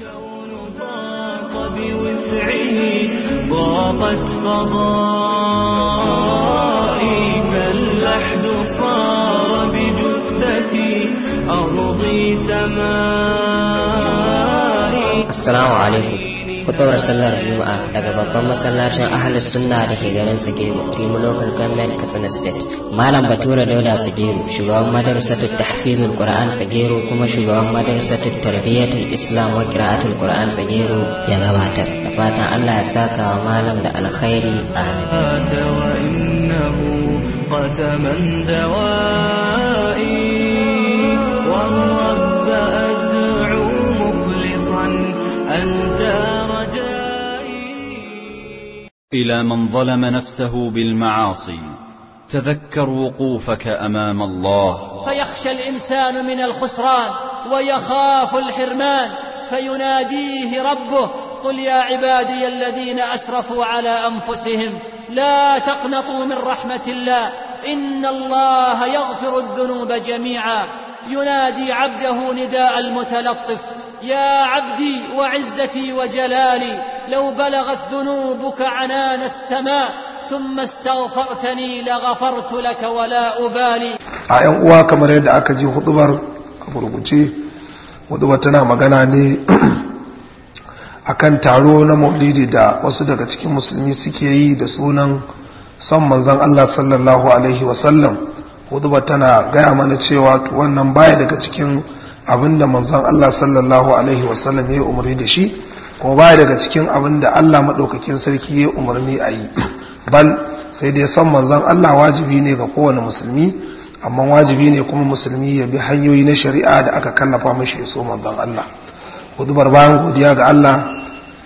الكون ضاق بوسعه ضاقت فضائي فاللحد صار بجثتي أرضي سمائي السلام عليكم hutubar sallar juma'a daga babban masallacin ahalus sunna da ke garin tsageru timu local government katsina state malam batura dauda tsageru shugaban madarasatu tahfizul qur'an tsageru kuma shugaban ta tarbiyyatul islam wa qira'atul qur'an tsageru ya gabatar da fatan allah ya saka wa malam da alkhairi amin قسما ذوات إلى من ظلم نفسه بالمعاصي تذكر وقوفك أمام الله فيخشى الإنسان من الخسران ويخاف الحرمان فيناديه ربه قل يا عبادي الذين أسرفوا على أنفسهم لا تقنطوا من رحمة الله إن الله يغفر الذنوب جميعا ينادي عبده نداء المتلطف يا عبدي وعزتي وجلالي لو بلغت ذنوبك عنان السماء ثم استغفرتني لغفرت لك ولا أبالي أيام ji كما يدعى كجي خطبر أبو رجي ودوتنا مغناني akan taro na maulidi da wasu daga cikin musulmi suke yi da sunan son manzon Allah sallallahu alaihi wasallam huduba tana gaya mana cewa wannan baya daga cikin abinda manzon Allah sallallahu alaihi wasallam ya umarni da shi kuma baya daga cikin abin da Allah maɗaukakin sarki ya umarni a yi bal sai dai san manzan Allah wajibi ne ga kowane musulmi amma wajibi ne kuma musulmi ya bi hanyoyi na shari'a da aka kallafa mashi ya so manzan Allah hudubar bayan godiya ga Allah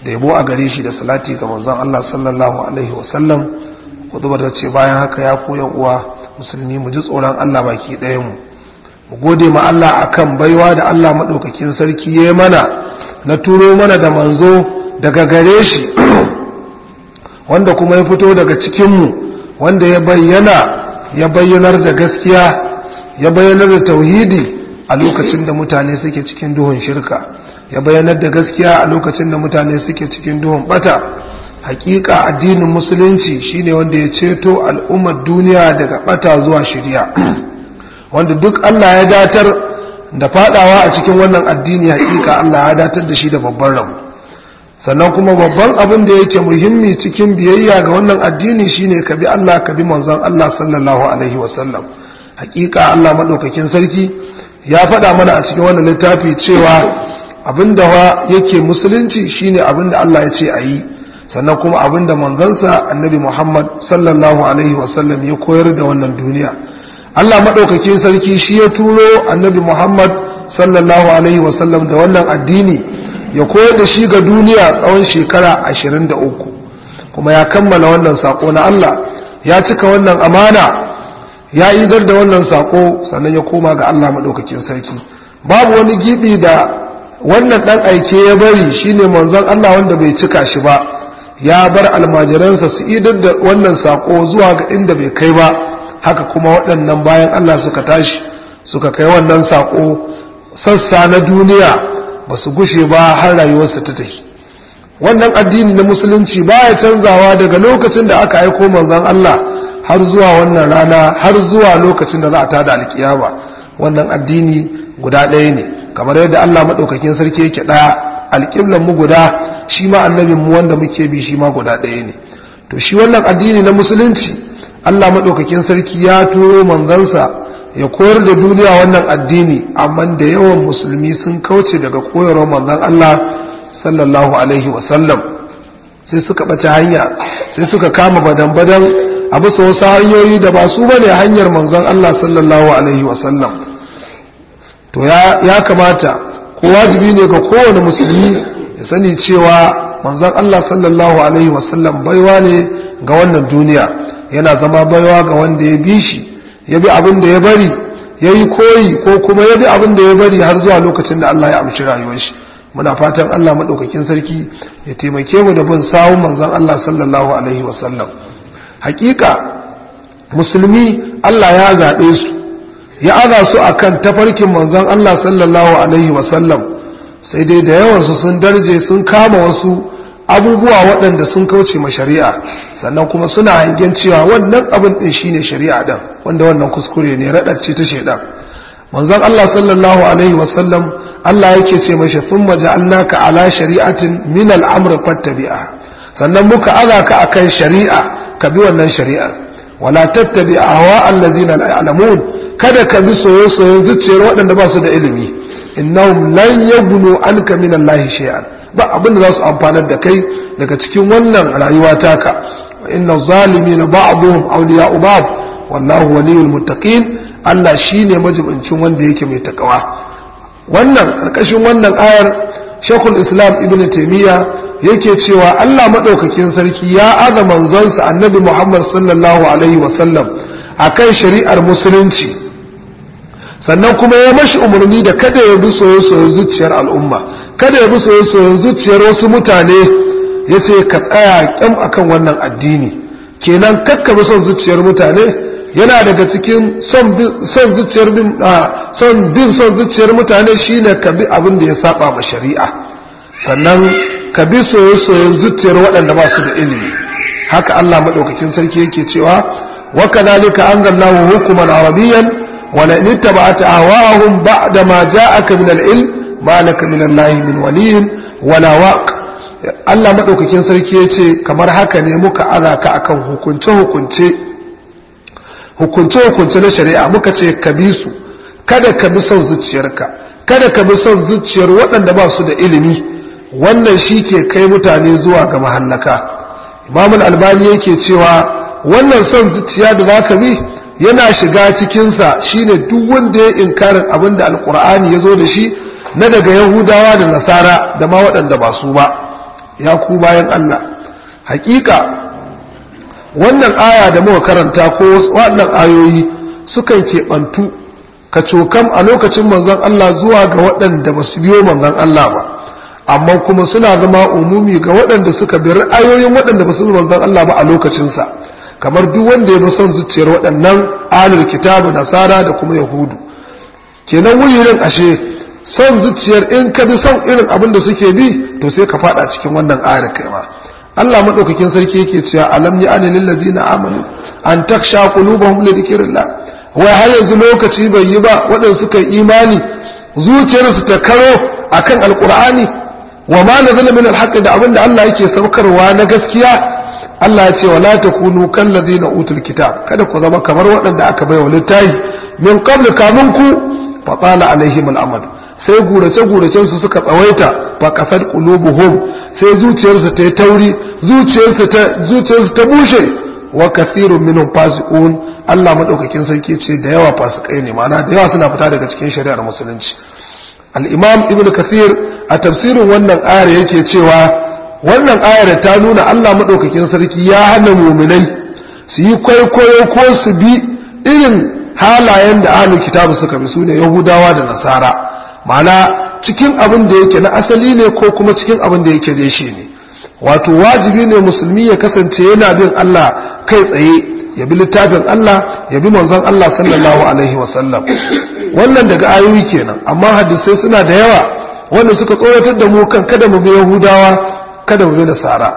da yabo a gare shi da salati ga manzan Allah sallallahu alaihi wasallam hudubar da ce bayan haka ya koyan uwa musulmi mu ji tsoron Allah baki ɗayan mu mu gode ma Allah akan baiwa da Allah maɗaukakin sarki ya mana na turo mana da manzo daga gare shi wanda kuma ya fito daga cikinmu wanda ya bayyana ya bayyanar da gaskiya ya bayyanar da tauhidi a lokacin da mutane suke cikin duhun shirka ya bayyanar da gaskiya a lokacin da mutane suke cikin duhun bata hakika addinin musulunci shine wanda ya ceto al'ummar duniya daga bata zuwa shirya wanda duk Allah ya datar da fadawa a cikin wannan addini hakika Allah ya datar da shi da babban rabu sannan kuma babban abin da yake muhimmi cikin biyayya ga wannan addini shine ka bi Allah ka bi manzon Allah sallallahu alaihi wasallam hakika Allah madaukakin sarki ya faɗa mana a cikin wannan littafi cewa abinda wa yake musulunci shine abinda Allah ya ce a yi sannan kuma abinda sa annabi Muhammad sallallahu alaihi wasallam ya koyar da wannan duniya Allah maɗaukakin sarki shi ya turo annabi Muhammad sallallahu alaihi wasallam da wannan addini ya koyar da shi ga duniya tsawon shekara 23 kuma ya kammala wannan sako na Allah ya cika wannan amana ya idar da wannan sako sannan ya koma ga Allah maɗaukakin sarki babu wani gibi da wannan ɗan aike ya bari shine manzon Allah wanda bai cika shi ba ya bar almajiransa su idar da wannan sako zuwa ga inda bai kai ba haka kuma waɗannan bayan Allah suka tashi suka kai wannan saƙo sassa na duniya ba su gushe ba har rayuwarsa ta tafi wannan addini na musulunci baya canzawa daga lokacin da aka aiko manzon Allah har zuwa wannan rana har zuwa lokacin da za a tada alkiyama wannan addini guda ɗaya ne kamar yadda Allah maɗaukakin sarki yake ɗaya alƙiblan mu guda shi ma annabin mu wanda muke bi shi ma guda ɗaya ne to shi wannan addini na musulunci Allah maɗaukakin sarki ya turo manzansa ya koyar da duniya wannan addini amma da yawan musulmi sun kauce daga koyarwar manzan Allah sallallahu alaihi wasallam sai suka ɓace hanya sai suka kama badan-badan a bisa wasu hanyoyi da ba su ba bane hanyar manzan Allah sallallahu alaihi wasallam to ya kamata ko wajibi ne ga kowane musulmi ya sani cewa manzan Allah sallallahu alaihi wasallam baiwa ne ga wannan duniya yana zama baiwa ga wanda ya bi shi ya bi abin da ya bari ya yi koyi ko kuma ya bi abin da ya bari har zuwa lokacin da Allah ya amshi rayuwar shi muna fatan Allah maɗaukakin sarki ya taimake mu da bin sawun manzon Allah sallallahu alaihi wasallam hakika musulmi Allah ya zaɓe su ya aza su akan tafarkin manzon Allah sallallahu alaihi wasallam sai dai da yawan su sun darje sun kama wasu abubuwa waɗanda sun kauce ma shari'a sannan kuma suna hangen cewa wannan abin ɗin shine shari'a ɗin wanda wannan kuskure ne raɗarci ta shaidan manzon Allah sallallahu alaihi sallam Allah yake ce mashi fun maja'alnaka ala shari'atin min al'amr fattabi'a sannan muka aza ka akan shari'a ka bi wannan shari'a wala tattabi ahwa allazina la ya'lamun kada ka bi soyayyen zuciyar waɗanda ba su da ilimi innahum lan yaghnu anka min Allah shay'an ba abin da za su amfanar da kai daga cikin wannan rayuwa taka inna na ba'dhum awliya'u ba'd wallahu waliyul muttaqin Allah shine majibincin wanda yake mai takawa wannan karkashin wannan ayar Sheikhul Islam Ibn Taymiyyah yake cewa Allah madaukakin sarki ya aza manzonsa Annabi Muhammad sallallahu alaihi wasallam akan shari'ar musulunci sannan kuma ya mashi umarni da kada ya bi soye soye zuciyar al'umma kada ya bi soyayen zuciyar wasu mutane ya ce ka tsaya kyan akan wannan addini kenan kakka bi son zuciyar mutane yana daga cikin son zuciyar bin son bin son zuciyar mutane shine ka bi abin da ya saba ma shari'a sannan ka bi soyayyen zuciyar waɗanda ba su da ilimi haka Allah madaukakin sarki yake cewa wa kadhalika anzalnahu hukman arabiyyan wa la in ittaba'ta ahwa'ahum ba'da ma ja'aka min al-ilm malaka minallahi min waliyin wala waq Allah madaukakin sarki yace kamar haka ne muka azaka akan hukunce hukunce hukunce hukunce na shari'a muka ce ka bi su kada ka bi son zuciyarka kada ka bi son zuciyar waɗanda ba su da ilimi wannan shi ke kai mutane zuwa ga mahallaka al albani yake cewa wannan son zuciya da zaka bi yana shiga cikinsa shine duk wanda ya inkarin abinda da alkur'ani ya zo da shi na daga yahudawa da nasara da ma waɗanda ba su ba ya ku bayan allah hakika wannan aya da muka karanta ko waɗannan ayoyi sukan keɓantu ka cokam a lokacin manzon allah zuwa ga waɗanda ba su biyo manzon allah ba amma kuma suna zama umumi ga waɗanda suka bi ra'ayoyin waɗanda ba su manzon Allah ba a lokacinsa kamar duk wanda ya fi son zuciyar waɗannan alul kitabu nasara da kuma yahudu kenan wuyirin ashe son zuciyar in ka bi son irin abin da suke bi to sai ka fada cikin wannan ayar kai ma Allah madaukakin sarki yake cewa alam ya ani lil ladina amanu an taksha qulubuhum li dhikrillah wai har yanzu lokaci bai yi ba waɗanda suka yi imani zuciyarsu ta karo akan alqur'ani wa ma nazala min alhaqqi da abinda Allah yake saukarwa na gaskiya Allah ya ce wala takunu kal ladina utul kitab kada ku zama kamar waɗanda aka baiwa littafi min qabl kamunku fa tala alaihim al'amal sai gurace-guracen su suka tsawaita ba kasar qulubuhum sai zuciyarsu ta yi tauri zuciyarsu ta bushe wa kasirun minhum fasiqun Allah madaukakin sarki ce da yawa fasikai ne ma'ana da yawa suna fita daga cikin shari'ar musulunci al-imam ibnu kasir a tafsirin wannan ayar yake cewa wannan ayar ta nuna Allah madaukakin sarki ya hana mu'minai su yi kwaikwayo ko su bi irin halayen da ahlul kitabu suka bi su ne yahudawa da nasara ma'ana cikin abin da yake na asali ne ko kuma cikin abin da yake da shi ne wato wajibi ne musulmi ya kasance yana bin Allah kai tsaye ya bi littafin Allah ya bi manzon Allah sallallahu alaihi wa sallam. wannan daga ayoyi kenan amma hadisai suna da yawa wanda suka tsoratar da mu kan kada mu bi yahudawa kada mu bi nasara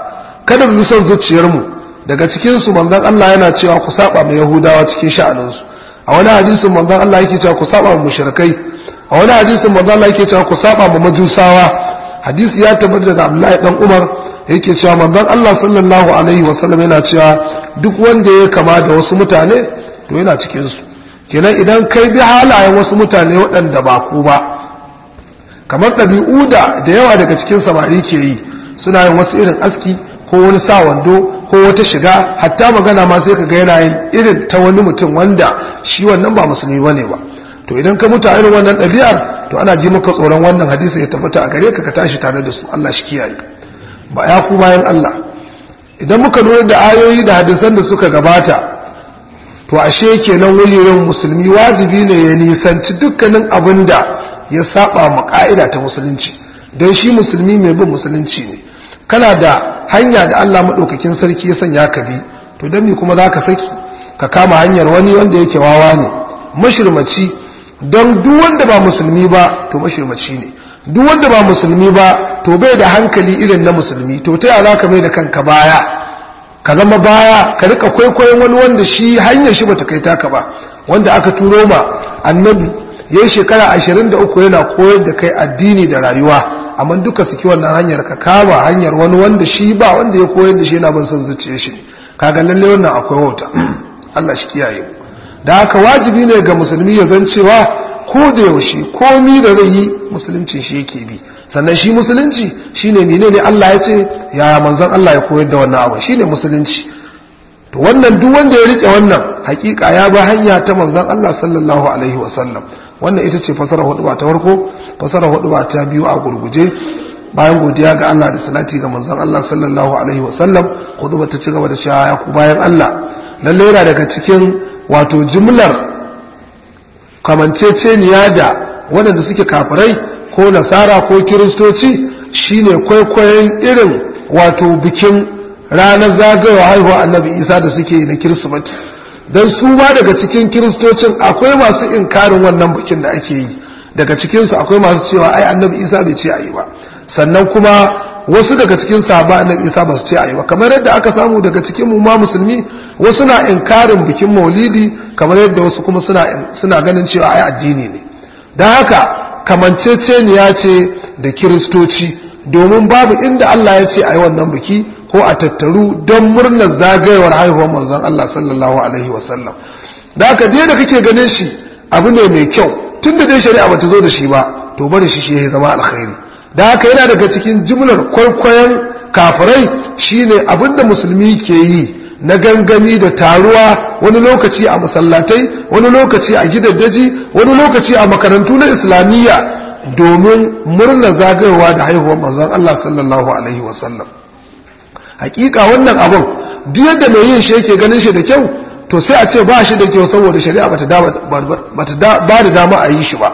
kada mu bi son zuciyar mu daga cikin su manzon Allah yana cewa ku saba mu yahudawa cikin sha'aninsu a wani hadisin manzon Allah yake cewa ku saba mu mushrikai a wani hadisin manzo Allah yake cewa ku saba ma majusawa hadisi ya tabbata daga Abdullahi dan Umar yake cewa manzon Allah sallallahu alaihi wasallam yana cewa duk wanda ya kama da wasu mutane to yana cikin su kenan idan kai bi halayen wasu mutane waɗanda ba ku ba kamar ɗabi'u da da yawa daga cikin samari ke yi suna yin wasu irin aski ko wani sa wando ko wata shiga hatta magana ma sai ka ga yana yin irin ta wani mutum wanda shi wannan ba musulmi bane ba to idan ka mutu a irin wannan ɗabi'ar to ana ji maka tsoron wannan hadisi ya tabbata a gare ka ka tashi tare da su Allah shi kiyaye ba ya ku bayan Allah idan muka lura da ayoyi da hadisan da suka gabata to ashe kenan wulirin musulmi wajibi ne ya nisanci dukkanin abin da ya saba ma ka'ida ta musulunci don shi musulmi mai bin musulunci ne kana da hanya da Allah maɗaukakin sarki ya sanya ka bi to don me kuma za ka saki ka kama hanyar wani wanda yake wawa ne mashirmaci don duwanda ba musulmi ba to mashirmaci ne duwanda ba musulmi ba to bai da hankali irin na musulmi to ta yaya ka mai da kanka baya ka zama baya ka rika kwaikwayon wani wanda shi hanyar shi bata kai taka ba wanda aka turo ma annabi ya yi shekara ashirin da yana koyar da kai addini da rayuwa amma duka suke wannan hanyar ka kama hanyar wani wanda shi ba wanda ya koyar da shi yana bin son zuciya shi kaga lallai wannan akwai wauta Allah shi kiyaye da haka wajibi ne ga musulmi ya zan cewa ko da yaushe komi da zai yi musulunci shi yake bi sannan shi musulunci Shi shine ne Allah ya ce yaya manzan Allah ya koyar da wannan abu shi ne musulunci to wannan duk wanda ya rike wannan hakika ya ba hanya ta manzan Allah sallallahu alaihi wasallam wannan ita ce fasara hudu ba ta farko fasara hudu ba ta biyu a gurguje bayan godiya ga Allah da salati ga manzon Allah sallallahu alaihi wasallam khutba ta ci gaba da shaya ku bayan Allah lalle yana daga cikin wato jimlar kamanceceniya da waɗanda suke kafirai ko nasara ko kiristoci shine kwaikwayon irin wato bikin ranar zagayewa haihuwa annabi isa da suke na kirsimati don su ma daga cikin kiristocin akwai masu inkarin wannan bikin da ake yi daga cikinsu akwai masu cewa ai annabi isa bai ce a yi ba sannan kuma wasu daga cikin saba na isa ba su ce ayi ba kamar yadda aka samu daga cikin mu ma musulmi wasu na inkarin bikin maulidi kamar yadda wasu kuma suna ganin cewa ai addini ne Don haka kamanceceniya ce da kiristoci domin babu inda Allah ya ce ayi wannan biki ko a tattaru don murnar zagayewar haihuwar manzon Allah sallallahu alaihi wasallam da haka je da kake ganin shi abu ne mai kyau tun da dai shari'a ba ta zo da shi ba to bari shi shi ya zama alkhairi da haka yana daga cikin jimlar kwaikwayon kafirai shine abinda musulmi ke yi na gangami da taruwa wani lokaci a masallatai wani lokaci a gidaddaji wani lokaci a makarantu na islamiyya domin murna zagayowa da haihuwar manzon Allah sallallahu alaihi wasallam hakika wannan abun duk yadda mai yin shi yake ganin shi da kyau to sai a ce ba shi da kyau saboda shari'a bata ba da dama a yi shi ba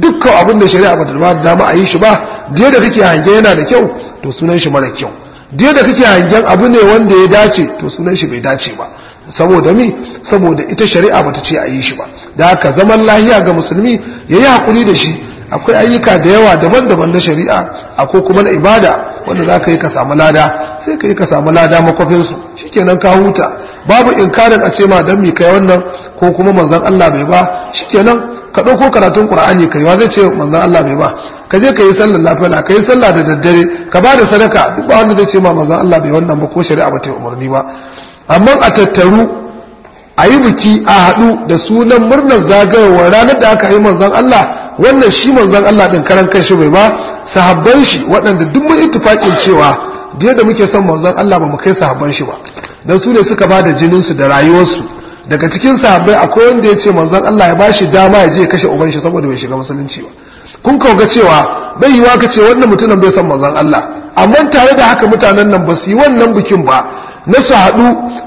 dukkan abin da shari'a bata ba da dama a yi shi ba je da kake hangen yana da kyau to sunan shi mara kyau je da kake hangen abu ne wanda ya dace to sunan shi bai dace ba saboda mi saboda ita shari'a bata ce a yi shi ba da haka zaman lahiya ga musulmi ya yi hakuri da shi akwai ayyuka da yawa daban-daban na shari'a akwai kuma na ibada wanda za ka yi ka samu lada sai ka yi ka samu lada makwafinsu shi shikenan ka huta babu inkarin a ce ma don mi kai wannan ko kuma manzan Allah bai ba shi kenan ka ɗauko karatun ƙura'ani ka yi wa zai ce manzan Allah bai ba ka je ka yi sallar lafiya ka yi sallah da daddare ka ba da sadaka duk ba wanda zai ce ma manzan Allah bai wannan ba ko shari'a ba ta yi umarni ba amma a tattaru a yi biki a haɗu da sunan murnar zagayowar ranar da aka yi manzan Allah wannan shi manzan Allah ɗin karan kan shi bai ba sahabban shi waɗanda duk mun ittifaƙin cewa da muke son manzan Allah ba mu kai sahabban shi ba Dan su ne suka ba da jinin su da rayuwarsu daga cikin sahabbai akwai wanda ya ce manzon Allah ya bashi dama ya je ya kashe uban shi saboda bai shiga musulunci ba kun ga cewa bai yiwa ka ce wannan mutumin bai san manzon Allah amma tare da haka mutanen nan ba su yi wannan bikin ba na su haɗu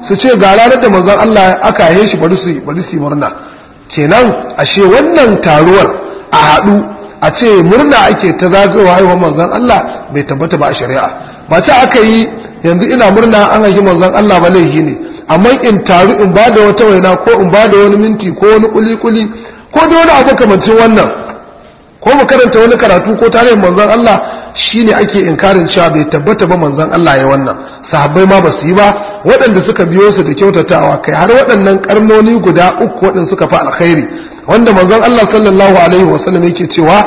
su ce ga ranar da manzon Allah aka haihe shi bari su bari su murna kenan ashe wannan taruwar a haɗu a ce murna ake ta zagayowa haihuwar manzon Allah bai tabbata ba a shari'a ba ta aka yi yanzu ina murna an haifi manzon Allah ba laifi ne amma in taru in ba da wata waina ko in ba da wani minti ko wani kuli-kuli ko da wani abu kamancin wannan ko mu karanta wani karatu ko tarihin manzon Allah shine ake inkarin cewa bai tabbata ba manzon Allah ya wannan sahabbai ma basu yi ba waɗanda suka biyo su da kyautatawa kai har waɗannan karnoni guda uku waɗanda suka fi alkhairi wanda manzon Allah sallallahu alaihi wa sallam yake cewa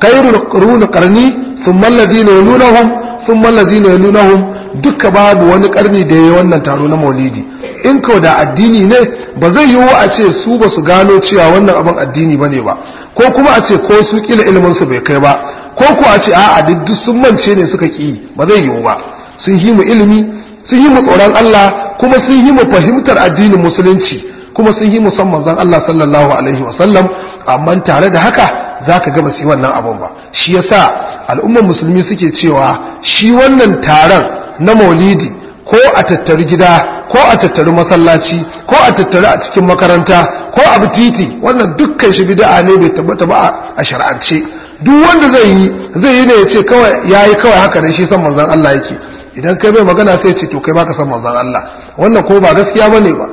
khairul qurun qarni thumma alladhina yalunahum thumma alladhina yalunahum duka babu wani karni da ya yi wannan taro na maulidi in kau da addini ne ba zai yiwu a ce su ba su gano cewa wannan abin addini ba ne ba ko kuma a ce ko su kila ilminsu bai kai ba ko ku a ce a'a duk sun mance ne suka ƙi ba zai yiwu ba sun yi mu ilimi sun yi mu tsoron Allah kuma sun yi mu fahimtar addinin musulunci kuma sun yi musamman zan Allah sallallahu alaihi sallam amma tare da haka zaka ga ba su yi wannan abun ba shi yasa al'ummar musulmi suke cewa shi wannan taron na maulidi ko a tattari gida ko a tattari masallaci ko a tattari a cikin makaranta ko a titi wannan dukkan shi bid'a ne bai tabbata ba a shar'ance duk wanda zai yi zai yi ne ya ce kawai ya yi kawai haka ne shi san manzon Allah yake idan kai mai magana sai ce to kai baka san manzan Allah wannan ko ba gaskiya bane ba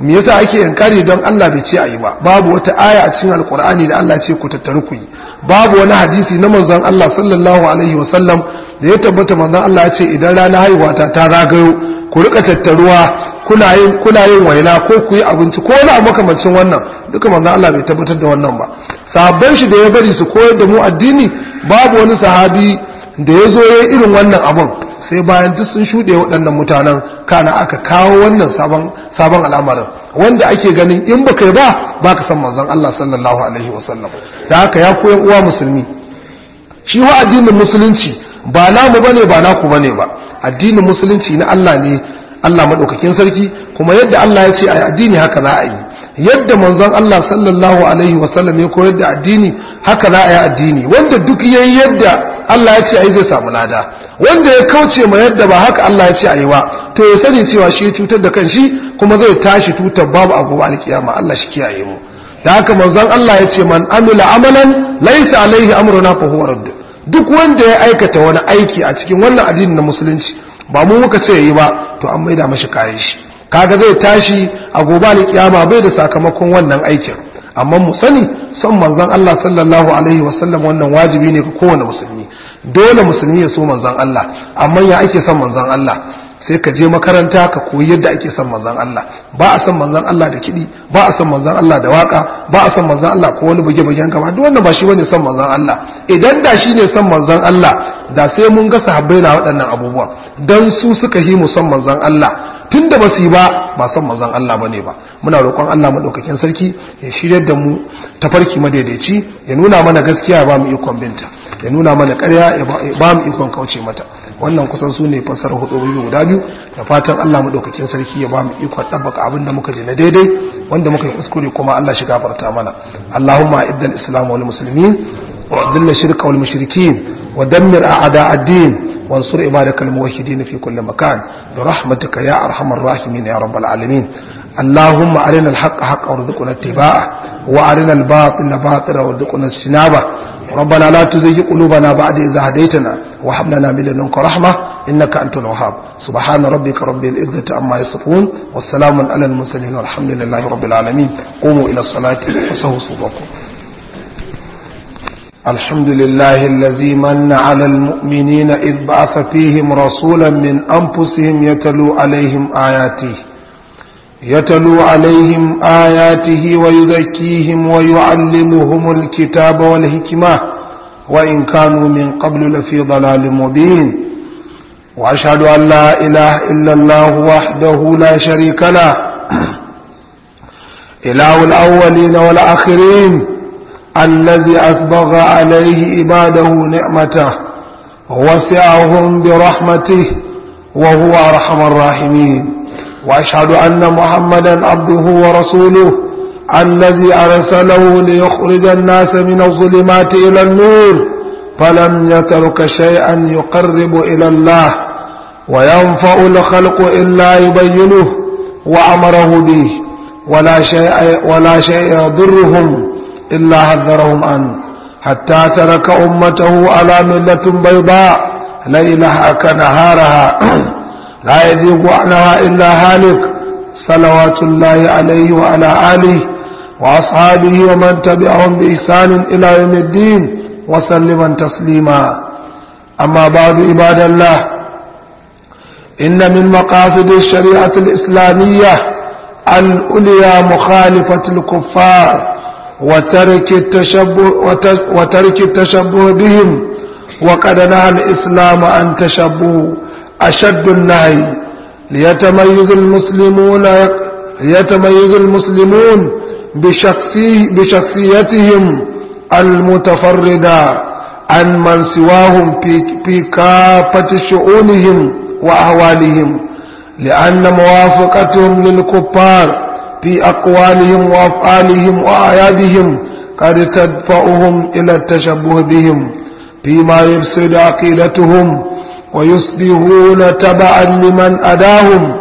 me yasa ake inkari don Allah bai ce a yi ba babu wata aya a cikin alkur'ani da Allah ce ku tattaru ku yi babu wani hadisi na manzon Allah sallallahu alaihi sallam. da ya tabbata manzan Allah ya ce idan rana haihuwa ta ta zagayo ku rika tattaruwa kuna yin kuna yin waina ko ku yi abinci ko wani abu makamancin wannan duka manzan Allah bai tabbatar da wannan ba sahabban shi da ya bari su koyar da mu addini babu wani sahabi da ya zo ya irin wannan abun sai bayan duk sun shuɗe waɗannan mutanen kana aka kawo wannan sabon al'amarin wanda ake ganin in ba kai ba ba ka san manzan Allah sallallahu alaihi wasallam da haka ya koyan uwa musulmi shi wa addinin musulunci ba namu bane ba naku bane ba addinin musulunci na Allah ne Allah madaukakin sarki kuma yadda Allah ya ce a addini haka za a yi yadda manzon Allah sallallahu alaihi sallam ya koyar da addini haka za a yi addini wanda duk yayi yadda Allah ya ce ai zai samu lada wanda ya kauce ma yadda ba haka Allah ya ce ai ba to ya sani cewa shi ya cutar da kanshi kuma zai tashi tutar babu a ba alkiyama Allah shi kiyaye mu da haka manzon Allah ya ce man amila amalan laysa alaihi amruna fa huwa radd duk wanda ya aikata wani aiki a cikin wannan addinin na musulunci ba mu muka ce yi ba to an maida mashi kayan shi kaga zai tashi a gobe kiyama bai da sakamakon wannan aikin amma mu sani son manzon Allah sallallahu alaihi wasallam wannan wajibi ne ga kowane musulmi dole musulmi ya so manzon Allah amma ya ake son manzon Allah sai ka je makaranta ka koyi yadda ake son manzon Allah ba a son manzon Allah da kiɗi ba a son manzon Allah da waka ba a son manzon Allah ko wani buge-bugen kama duk wannan ba shi bane son manzan Allah idan da shi ne son manzon Allah da sai mun ga sahabbai na waɗannan abubuwa dan su suka yi mu son manzon Allah tun da ba su yi ba ba son manzon Allah ba ne ba muna roƙon Allah maɗaukakin sarki ya shiryar da mu tafarki madaidaici ya nuna mana gaskiya ba mu ikon binta ya nuna mana ƙarya ya ba mu ikon kauce mata wannan kusan su ne fasar hudu biyu guda biyu da fatan Allah madaukakin sarki ya ba mu ikon ɗabbaka abin da muka ji na daidai wanda muka yi kuskure kuma Allah shi gafarta mana Allahumma iddal islam wal muslimin wa adilla shirka wal mushrikin wa dammir a'da ad-din وانصر عبادك fi kulli makan مكان برحمتك يا أرحم الراحمين يا رب العالمين اللهم أرنا الحق حقا وارزقنا اتباعه وأرنا الباطل باطلا وارزقنا اجتنابه ربنا لا تزغ قلوبنا بعد إذ هديتنا وهب لنا من لدنك رحمة إنك أنت الوهاب سبحان ربك رب العزة عما يصفون والسلام على المرسلين والحمد لله رب العالمين قوموا إلى الصلاة وسهوا صدوركم الحمد لله الذي من على المؤمنين إذ بعث فيهم رسولا من أنفسهم يتلو عليهم آياته يتلو عليهم آياته ويزكيهم ويعلمهم الكتاب والحكمة وإن كانوا من قبل لفي ضلال مبين وأشهد أن لا إله إلا الله وحده لا شريك له إله الأولين والآخرين الذي أسبغ عليه عباده نعمته ووسعهم برحمته وهو أرحم الراحمين وأشهد أن محمدا عبده ورسوله الذي أرسله ليخرج الناس من الظلمات إلى النور فلم يترك شيئا يقرب إلى الله وينفع الخلق إلا يبينه وأمره به ولا شيء, ولا شيء يضرهم إلا حذرهم عنه حتى ترك أمته على ملة بيضاء ليلها كنهارها لا يذيق عنها إلا هالك صلوات الله عليه وعلى آله وأصحابه ومن تبعهم بإحسان إلى يوم الدين وسلم تسليما أما بعد عباد الله إن من مقاصد الشريعة الإسلامية الأولية مخالفة الكفار وترك التشبه, وترك التشبه بهم وقد نهى الإسلام عن تشبه أشد النهي ليتميز المسلمون ليتميز المسلمون بشخصي بشخصيتهم المتفردة عن من سواهم في كافة شؤونهم وأهوالهم لأن موافقتهم للكفار في أقوالهم وأفعالهم وأعيادهم قد تدفعهم إلى التشبه بهم فيما يفسد عقيدتهم ويصبحون تبعا لمن أداهم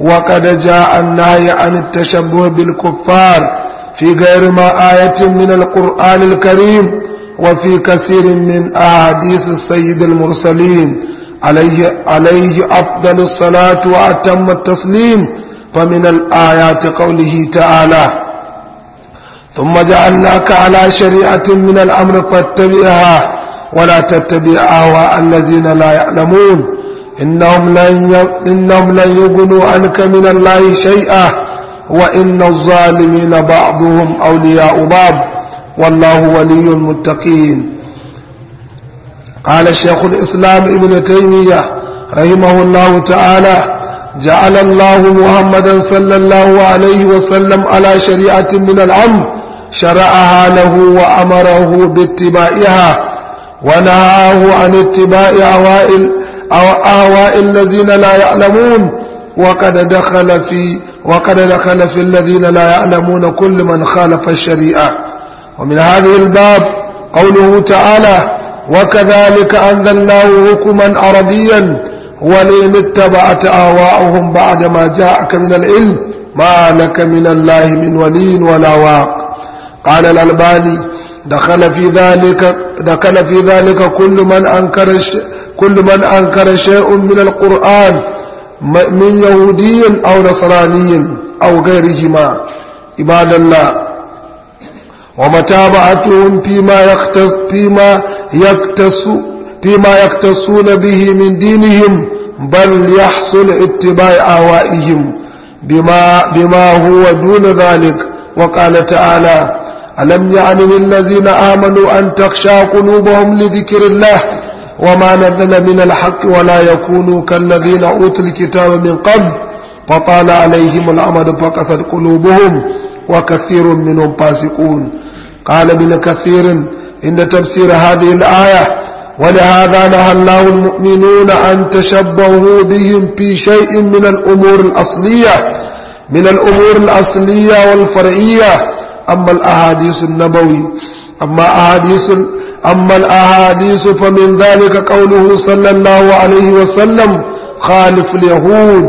وقد جاء النهي عن التشبه بالكفار في غير ما آية من القرآن الكريم وفي كثير من أحاديث السيد المرسلين عليه, عليه أفضل الصلاة وأتم التسليم فمن الآيات قوله تعالى ثم جعلناك على شريعة من الأمر فاتبعها ولا تتبع أهواء الذين لا يعلمون إنهم لن إنهم لن يغنوا عنك من الله شيئا وإن الظالمين بعضهم أولياء بعض والله ولي المتقين قال شيخ الإسلام ابن تيمية رحمه الله تعالى جعل الله محمدا صلى الله عليه وسلم على شريعة من الأمر شرعها له وأمره باتباعها ونهاه عن اتباع أوائل أو أهواء الذين لا يعلمون وقد دخل في وقد دخل في الذين لا يعلمون كل من خالف الشريعة ومن هذه الباب قوله تعالى وكذلك أنزلناه حكما عربيا ولئن اتبعت أهواءهم بعد ما جاءك من العلم ما لك من الله من ولي ولا واق قال الألباني دخل في ذلك دخل في ذلك كل من أنكر كل من أنكر شيء من القرآن من يهودي أو نصراني أو غيرهما عباد الله ومتابعتهم فيما يختص فيما يختص فيما يختصون به من دينهم بل يحصل اتباع أهوائهم بما بما هو دون ذلك وقال تعالى ألم يعني للذين آمنوا أن تخشى قلوبهم لذكر الله وما نزل من الحق ولا يكونوا كالذين أوتوا الكتاب من قبل فطال عليهم الأمد فقست قلوبهم وكثير منهم فاسقون قال ابن كثير إن تفسير هذه الآية ولهذا نهى الله المؤمنون أن تشبهوا بهم في شيء من الأمور الأصلية من الأمور الأصلية والفرعية أما الأحاديث النبوي أما أحاديث أما الأحاديث فمن ذلك قوله صلى الله عليه وسلم خالف اليهود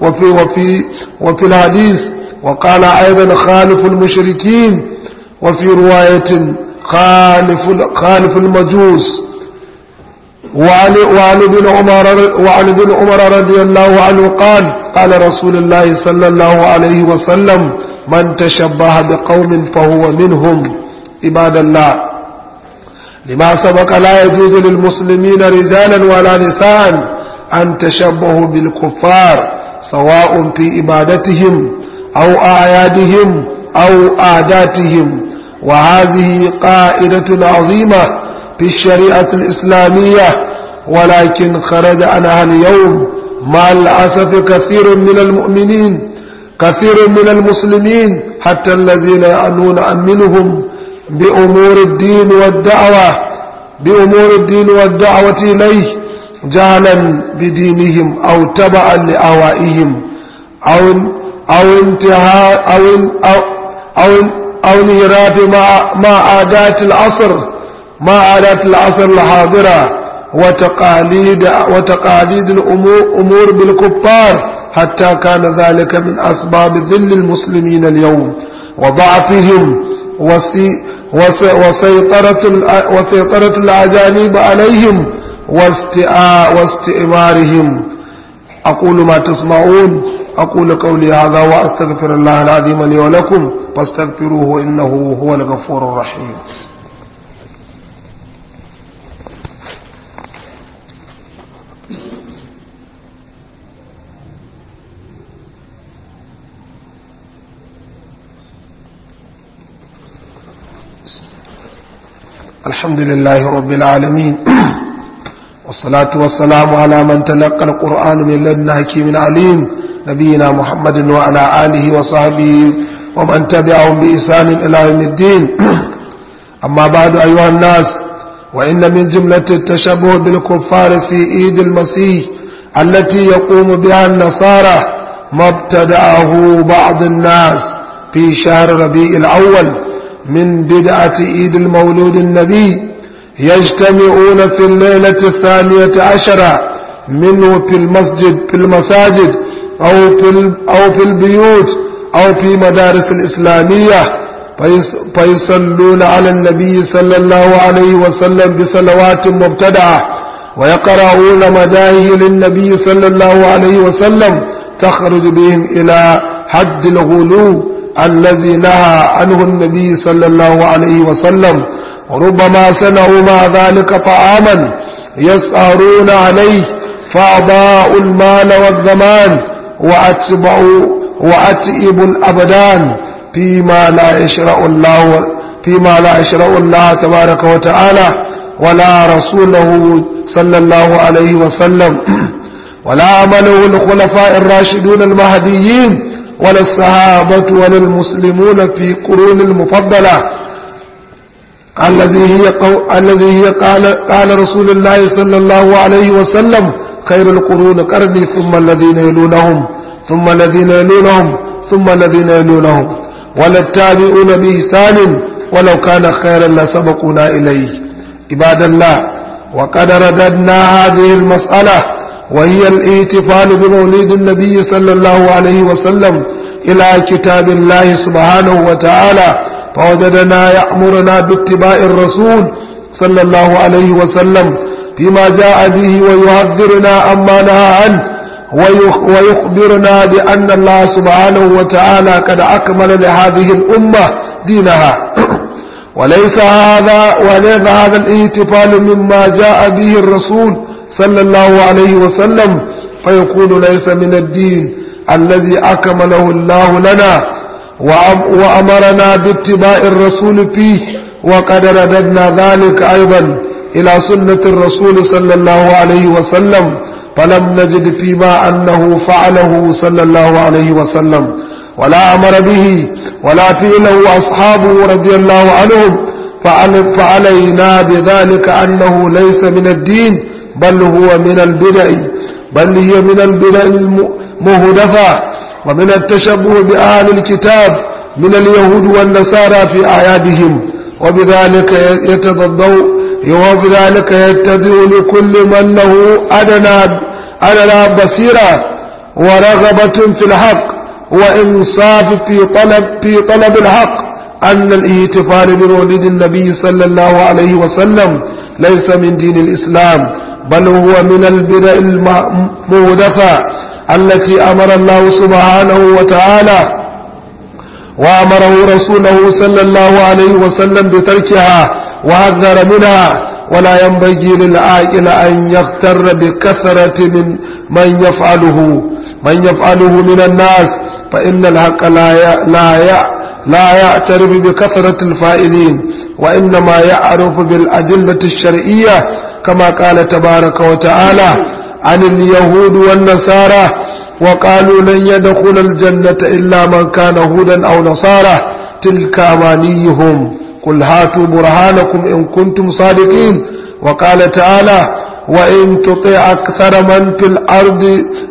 وفي وفي وفي الحديث وقال أيضا خالف المشركين وفي رواية خالف خالف المجوس وعن وعن ابن عمر وعن ابن عمر رضي الله عنه قال قال رسول الله صلى الله عليه وسلم من تشبه بقوم فهو منهم عباد الله لما سبق لا يجوز للمسلمين رجالا ولا نساء أن تشبهوا بالكفار سواء في عبادتهم أو أعيادهم أو عاداتهم وهذه قاعدة عظيمة في الشريعة الإسلامية ولكن خرج عنها اليوم مع الأسف كثير من المؤمنين كثير من المسلمين حتى الذين يعنون أمنهم بأمور الدين والدعوة بأمور الدين والدعوة إليه جهلا بدينهم أو تبعا لأوائهم أو أو انتهاء أو أو أو, أو انهراف مع مع عادات العصر مع عادات العصر الحاضرة وتقاليد وتقاليد الأمور بالكفار حتى كان ذلك من أسباب ذل المسلمين اليوم وضعفهم وسيطرة, وسيطرة الأجانب عليهم واستئمارهم أقول ما تسمعون أقول قولي هذا وأستغفر الله العظيم لي ولكم فاستغفروه إنه هو الغفور الرحيم الحمد لله رب العالمين والصلاة والسلام على من تلقى القرآن من لدن حكيم عليم نبينا محمد وعلى آله وصحبه ومن تبعهم بإسان إلى يوم الدين أما بعد أيها الناس وإن من جملة التشبه بالكفار في إيد المسيح التي يقوم بها النصارى ما ابتدأه بعض الناس في شهر ربيع الأول من بدعة عيد المولود النبي يجتمعون في الليلة الثانية عشرة منه في المسجد في المساجد أو في, أو في البيوت أو في مدارس الإسلامية فيصلون على النبي صلى الله عليه وسلم بصلوات مبتدعة ويقرؤون مداهي للنبي صلى الله عليه وسلم تخرج بهم إلى حد الغلو الذي نهى عنه النبي صلى الله عليه وسلم ربما صنعوا مع ذلك طعاما يسأرون عليه فأضاءوا المال والزمان وأتبعوا وأتئبوا الأبدان فيما لا يشرع الله فيما لا يشرع الله تبارك وتعالى ولا رسوله صلى الله عليه وسلم ولا عمله الخلفاء الراشدون المهديين ولا الصحابة ولا المسلمون في قرون المفضلة الذي هي قو... الذي هي قال قال رسول الله صلى الله عليه وسلم خير القرون قرني ثم الذين يلونهم ثم الذين يلونهم ثم الذين يلونهم ولا التابعون بإحسان ولو كان خيرا لسبقونا إليه عباد الله وقد رددنا هذه المسألة وهي الاحتفال بمولد النبي صلى الله عليه وسلم إلى كتاب الله سبحانه وتعالى فوجدنا يأمرنا باتباع الرسول صلى الله عليه وسلم فيما جاء به ويحذرنا عما نهى عنه ويخبرنا بأن الله سبحانه وتعالى قد أكمل لهذه الأمة دينها وليس هذا وليس هذا الاحتفال مما جاء به الرسول صلى الله عليه وسلم فيقول ليس من الدين الذي أكمله الله لنا وأمرنا باتباع الرسول فيه وقد رددنا ذلك أيضا إلى سنة الرسول صلى الله عليه وسلم فلم نجد فيما أنه فعله صلى الله عليه وسلم ولا أمر به ولا فعله أصحابه رضي الله عنهم فعلينا بذلك أنه ليس من الدين بل هو من البدع بل هي من البدع المهدفة ومن التشبه بأهل الكتاب من اليهود والنصارى في أعيادهم وبذلك يتضضوا وبذلك يتبع لكل من له أدنى أدنى بصيرة ورغبة في الحق وإنصاف في طلب في طلب الحق أن الاحتفال بمولد النبي صلى الله عليه وسلم ليس من دين الإسلام بل هو من البدع المحدثة التي أمر الله سبحانه وتعالى وأمره رسوله صلى الله عليه وسلم بتركها وحذر منها ولا ينبغي للعاقل أن يغتر بكثرة من من يفعله من يفعله من الناس فإن الحق لا لا لا يعترف بكثرة الفائلين وإنما يعرف بالأدلة الشرعية كما قال تبارك وتعالى عن اليهود والنصارى وقالوا لن يدخل الجنة إلا من كان هودا أو نصارى تلك أمانيهم قل هاتوا برهانكم إن كنتم صادقين وقال تعالى وإن تطع أكثر من في الأرض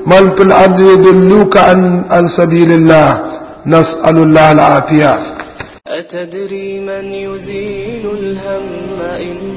من في الأرض يضلوك عن عن سبيل الله نسأل الله العافية أتدري من يزيل الهم إن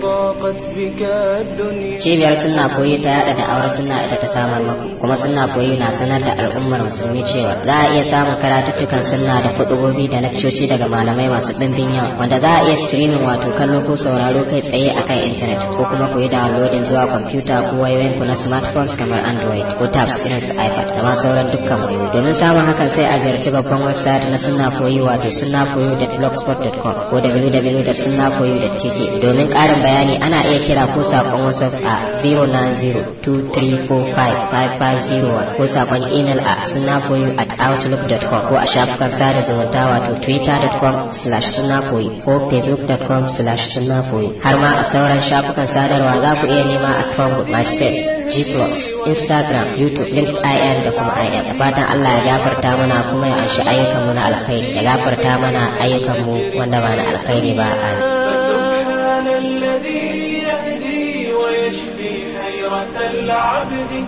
cibiyar suna koyi ta yada da auren suna ita ta samar maku kuma suna koyi na sanar da al'ummar musulmi cewa za a iya samun karatuttukan suna da kudubobi da lakcoci daga malamai masu ɗimbin yawa wanda za a iya streaming wato kallo ko sauraro kai tsaye akan intanet ko kuma koyi downloading zuwa kwamfuta ko wayoyin ku na smartphones kamar android ko tabs irin su ipad da ma sauran dukkan wayoyi domin samun hakan sai a ziyarci babban website na suna wato wato suna koyi.blogspot.com ko www.sunnafoyu.tk domin ƙarin bayani ana iya kira ko saƙon WhatsApp a 09023455501 ko saƙon email a sunafoyu at outlook.com ko a shafukan sada zumunta wato twitter.com slash sunafoyu ko facebook.com slash sunafoyu har ma a sauran shafukan sadarwa za ku iya nema a Trump MySpace, G+, Instagram, YouTube, LinkedIn da kuma IM. fatan Allah ya gafarta mana kuma ya anshi ayyukanmu na alkhairi ya gafarta mana ayyukanmu wanda ba na alkhairi ba a. خيرة العبد